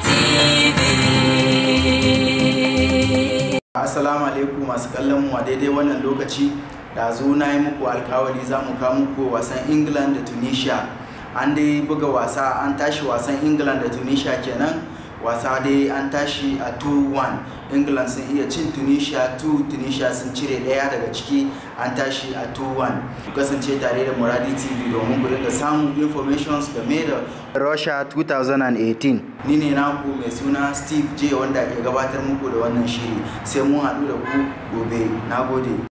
TV. Assalamu alaikum masu kallon mu a daidai wannan lokaci da zo na yi muku alkawari za mu kawo muku wasan England da Tunisia. An dai buga wasa an tashi wasan England da Tunisia kenan wasa dai an tashi a 2-1 england sun iya cin tunisia 2 tunisia sun cire daya daga ciki an tashi a 2-1 kasance tare da muradi tv domin gudun da samun informations game da russia 2018 ni ne naku mai suna steve j wanda ke gabatar muku da wannan shiri sai mun haɗu da ku gobe na gode